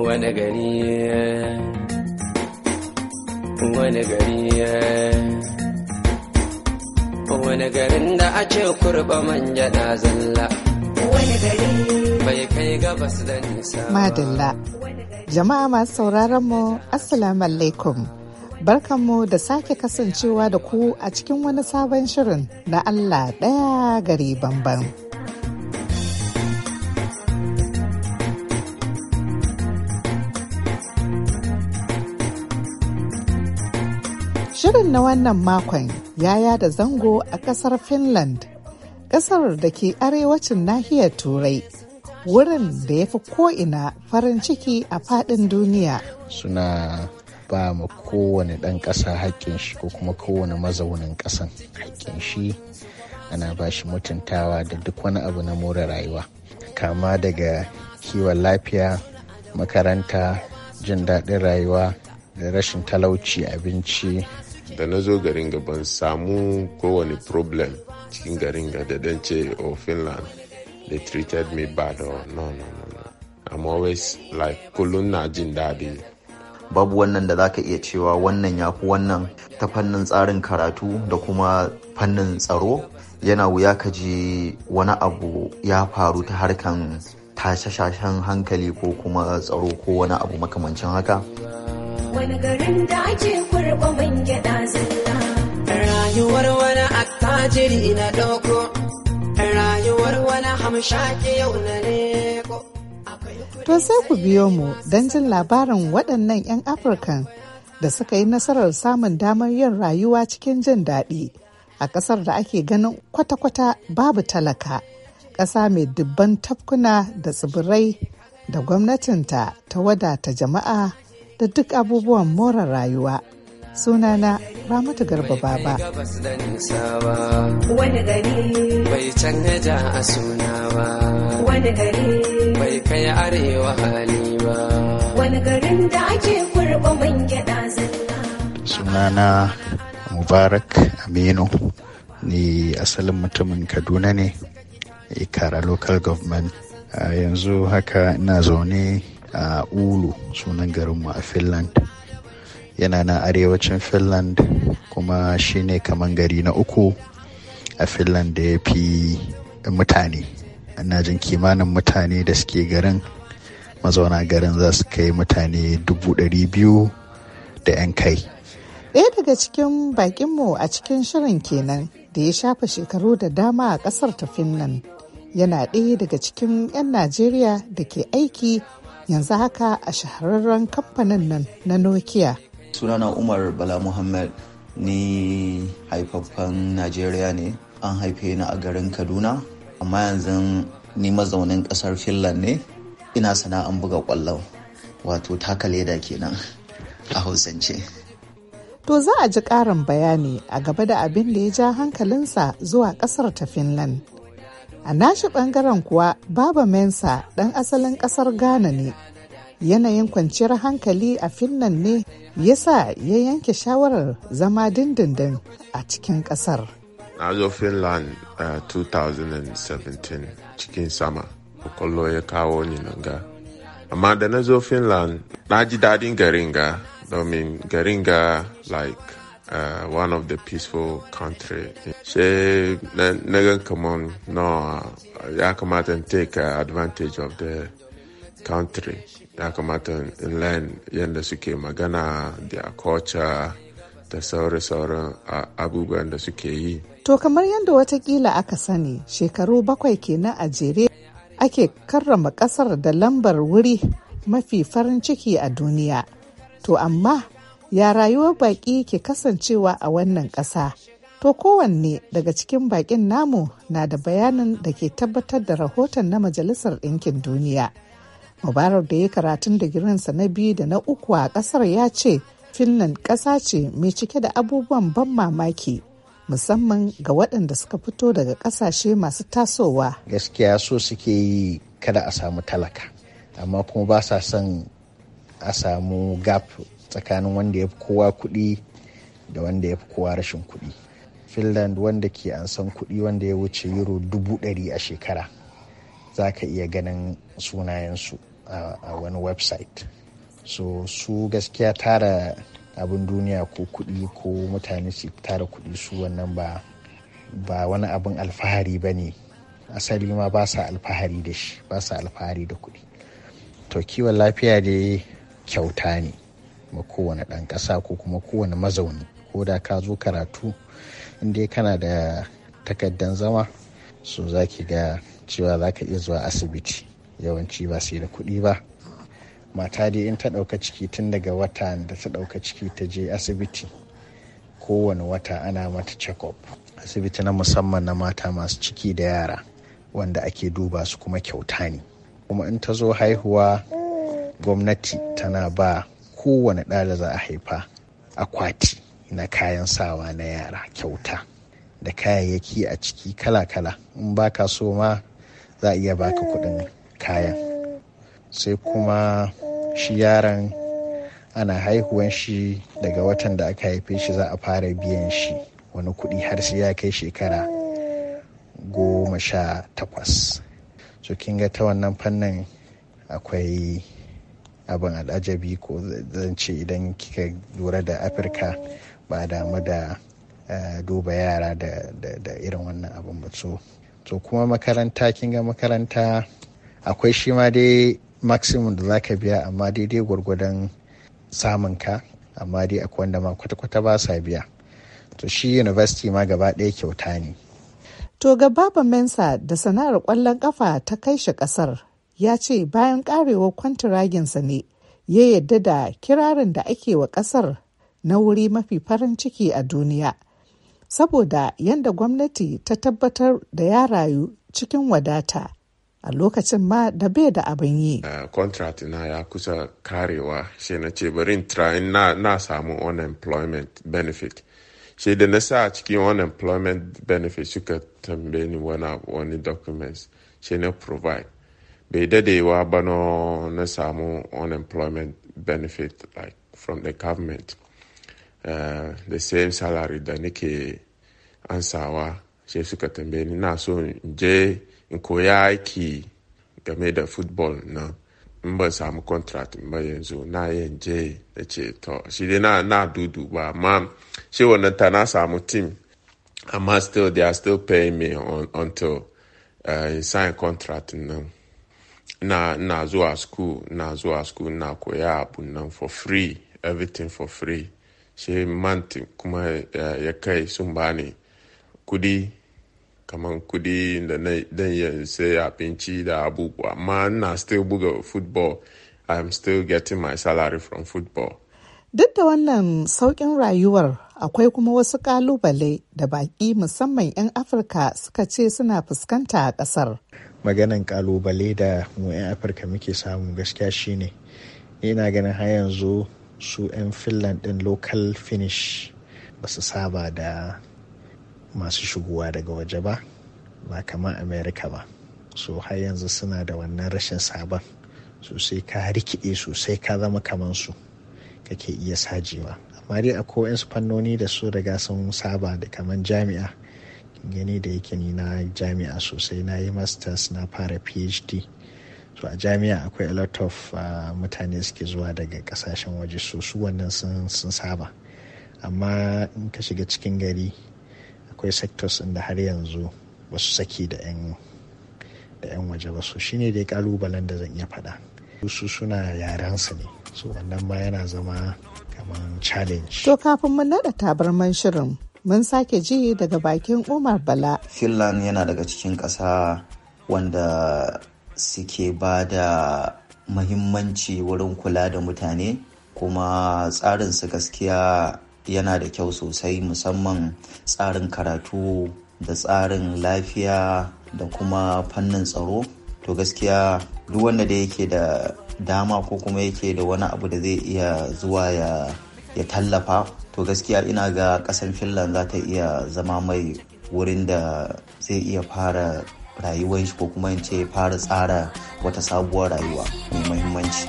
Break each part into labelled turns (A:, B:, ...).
A: wani gari wani gari wani garin da a ce kurba manja na zalla wani gari bai kai gabas da nisa madalla
B: jama'a masu sauraron mu assalamu alaikum barkanmu da sake kasancewa da ku a cikin wani sabon shirin na allah ɗaya gari bambam. Shirin na wannan makon yaya da zango a kasar Finland, kasar da ke arewacin nahiyar Turai, wurin da ya fi ko'ina farin ciki a faɗin duniya.
C: Suna ba ma kowane ɗan ƙasa haƙƙin shi ko kuma kowane mazaunin ƙasan haƙƙin shi ana ba shi mutuntawa da duk wani abu na more rayuwa kama daga kiwon lafiya makaranta jin
A: daɗin rayuwa da rashin
C: talauci abinci
A: da na zo garin ga ban samu kowane problem cikin garin ga da dance ce o oh, finland they treated me bad or oh, no no no i'm always like kullum na jin daɗi
D: babu wannan da zaka iya cewa wannan ya fi wannan ta fannin tsarin karatu da kuma fannin tsaro yana wuya ka ji wani abu ya faru ta harkan tashashashen hankali ko kuma tsaro ko wani abu makamancin haka
C: wani garin da ake kurɓa mai
D: jiri ɗauko rayuwar wani
A: yau na leko.
B: To sai ku biyo mu don jin labarin waɗannan 'yan Afirkan da suka yi nasarar samun damar yin rayuwa cikin jin daɗi a ƙasar da ake ganin kwata-kwata babu talaka, ƙasa mai dubban tafkuna da tsibirai da gwamnatinta ta wadata jama'a da duk abubuwan more rayuwa. sunana Ramatu Garba Baba. Wani gari
A: bai canja a suna ba. Wani gari bai kai arewa hali ba.
B: Wani garin
C: da ake kurba man gyaɗa zalla. Sunana Mubarak Aminu ni asalin mutumin Kaduna ne Ikara Local Government. yanzu haka ina zaune a Ulu sunan garinmu a Finland. yana nan arewacin finland kuma shine kaman gari na uku a finland da ya fi mutane na jin kimanin mutane da suke garin mazauna garin za su kai mutane dubu ɗari biyu da 'yan kai
B: ɗaya daga cikin bakinmu a cikin shirin kenan da ya shafa shekaru da dama a ƙasar ta finland yana ɗaya daga cikin 'yan najeriya da ke aiki yanzu haka a shahararren kamfanin nan na nokia
D: sunana umar bala muhammad ni haifaffen najeriya ne an haife ni a garin kaduna amma yanzu ni mazaunin kasar finland ne ina sana'an buga kwallon wato taka leda kenan a hausance
B: to za a ji ƙarin bayani a gaba da abin da ya ja hankalinsa zuwa ƙasar ta finland a nashi ɓangaren kuwa baba mensa ɗan asalin ƙasar ghana ne yanayin kwanciyar hankali a finland ne ya sa ya yanke shawarar zama dindindin a cikin kasar
A: na zo finland uh, a 2017 cikin sama kwallo ya kawo ni nan ga amma da na zo finland na ji daɗin garin domin garinga ga like uh, one of the peaceful country. sai na, na kamar no, ya kamata take uh, advantage of the country ya kamata in line yadda suke magana da culture da sauran-sauran abubuwan da suke yi.
B: To kamar yadda watakila aka sani shekaru bakwai kenan a jere ake karrama kasar da lambar wuri mafi farin ciki a duniya. To amma ya rayuwar baƙi ke kasancewa a wannan ƙasa. To kowanne daga cikin baƙin namu na da bayanin da ke tabbatar da rahoton na Majalisar Ɗinkin Duniya. mubarak da ya karatun da digirinsa na biyu da na uku a kasar ya ce finland ƙasa ce mai cike da abubuwan ban mamaki musamman ga waɗanda suka fito daga ƙasashe masu tasowa
C: gaskiya so suke yi kada a samu talaka amma kuma ba sa son a samu gap tsakanin wanda ya fi kowa kuɗi da wanda ya fi kowa rashin kuɗi finland wanda ke san kuɗi wanda ya wuce euro dubu ɗari a shekara za ka iya ganin sunayensu a wani website so su gaskiya tara abin duniya ko kudi ko mutane su tara kudi su wannan ba ba wani abin alfahari ba ne asali ma ba sa alfahari da shi ba sa alfahari da kudi. to kiwon lafiya da kyauta ne ma kowane ɗan ƙasa ko kuma kowane mazauni ko da ka zo karatu inda kana da takaddan zama so za ki ga cewa za ka iya zuwa asibiti yawanci ba sai da kuɗi ba mata dai in ta ɗauka ciki tun daga wata da ta ɗauka ciki ta je asibiti kowane wata ana mata check-up asibiti na musamman na mata masu ciki da yara wanda ake duba su kuma kyauta ne kuma in ta zo haihuwa gwamnati tana ba kowane ɗala za a haifa akwati na kayan sawa na yara kyauta da kayayyaki a ciki kala-kala in baka so ma za a iya baka kuɗin kayan sai kuma shi yaron ana haihuwan shi daga watan da aka haife shi za a fara biyan shi wani kuɗi har sai ya kai shekara goma sha takwas so kin ga ta wannan fannin akwai abin al'ajabi ko zan ce idan kika lura da afirka ba damu da eh, duba yara da irin wannan abin ba so kuma makaranta kin ga makaranta akwai shi ma dai maximum da za ka biya amma daidai gwargwadon samun ka amma dai akwai wanda ma kwata-kwata ba sa biya to shi university ma gaba ɗaya kyauta ne
B: to gaba mensa da sana'ar kwallon kafa ta kai shi kasar ya ce bayan karewar kwantiraginsa ne ya yadda da kirarin da ake wa kasar na wuri mafi farin ciki a duniya saboda yadda gwamnati ta tabbatar da ya rayu cikin wadata a lokacin ma da bai da abin yi.
A: contract na ya kusa karewa shi na ce bari na, na samu unemployment benefit shi da na sa cikin unemployment benefit suka tambayi wani wani documents shi na provide bai dadewa ba na samu unemployment benefit like from the government uh, the same salary da nake ansawa shi suka tambayi na so je in koya aiki game da football na in ban samu contract ba yanzu na yanje da ce to shi dai na dudu ba amma shi wannan ta na samu team amma still they are still paying me until uh, sign contract nan na na zuwa school na zuwa school na koya abu nan for free everything for free shi month kuma eh, ya kai sun bani kudi kamar kudi da dan yin sai abinci da abubuwa amma na still buga football i am still getting my salary from football
B: duk da wannan sauƙin rayuwar akwai kuma wasu ƙalubale da baƙi musamman 'yan afirka suka ce suna fuskanta a ƙasar
C: maganan ƙalubale da mu 'yan afirka muke samu gaskiya shine ina ganin har yanzu su 'yan finland ɗin local finish ba su saba da masu shigowa daga waje ba ba kamar Amerika ba so har yanzu suna da wannan rashin sabon sosai ka rikide sosai ka zama kamar su kake iya sajewa amma dai akwai wasu fannoni da su riga sun saba da kamar jami'a gani da yake ni na jami'a sosai na yi masters na fara phd so a jami'a akwai a lot of ah, mutane suke zuwa daga kasashen waje so su wannan sun saba amma in ka shiga cikin gari akwai sectors inda har yanzu ba su saki da 'yan waje ba su shine dai kalubalen da zan iya faɗa su suna su ne so wannan ma yana zama kamar challenge
B: to kafin mu naɗa tabarman shirin mun sake ji daga bakin umar bala
D: finland yana daga cikin ƙasa wanda suke ba da mahimmanci wurin kula da mutane kuma tsarinsu gaskiya yana da kyau sosai musamman tsarin karatu da tsarin lafiya da kuma fannin tsaro to gaskiya duk wanda da yake da dama ko kuma yake da wani abu da zai iya zuwa ya, ya tallafa to gaskiya ina ga kasan finland za ta iya zama mai wurin da zai iya fara rayuwar shi ko kuma in ce fara tsara wata sabuwar rayuwa mai muhimmanci.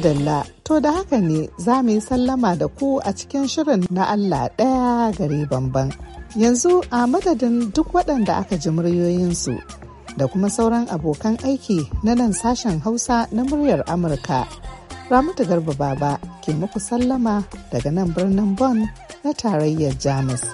B: Madalla, to da haka ne za mu yi sallama da ku a cikin shirin na Allah ɗaya gare bamban. Yanzu a madadin duk waɗanda aka ji muryoyinsu da kuma sauran abokan aiki na nan sashen Hausa na muryar Amurka. Ramatu Garba Baba ke muku sallama daga nan birnin Bonn na tarayyar Jamus.